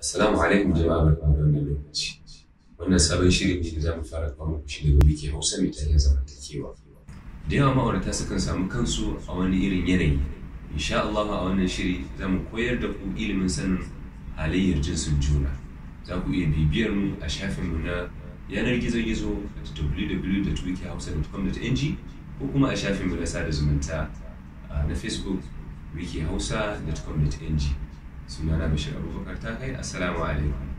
Assalamu alaikum jama'a barkamu da wannan lokaci. Wannan sabon shiri ne da zamu fara kawo muku shi daga wiki Hausa mai tare zamantakewa. Da yawa ma'aurata sukan samu kansu a wani irin yanayi. Insha Allah a wannan shiri zamu koyar da ku ilimin sanin halayyar jinsin juna. Za ku iya bibiyar mu a shafin mu na yanar gizo-gizo at www.wikihausa.com.ng ko kuma a shafin mu na sada zumunta na Facebook wikihausa.com.ng. sunana bishirar abubakar ta kai assalamu alaikum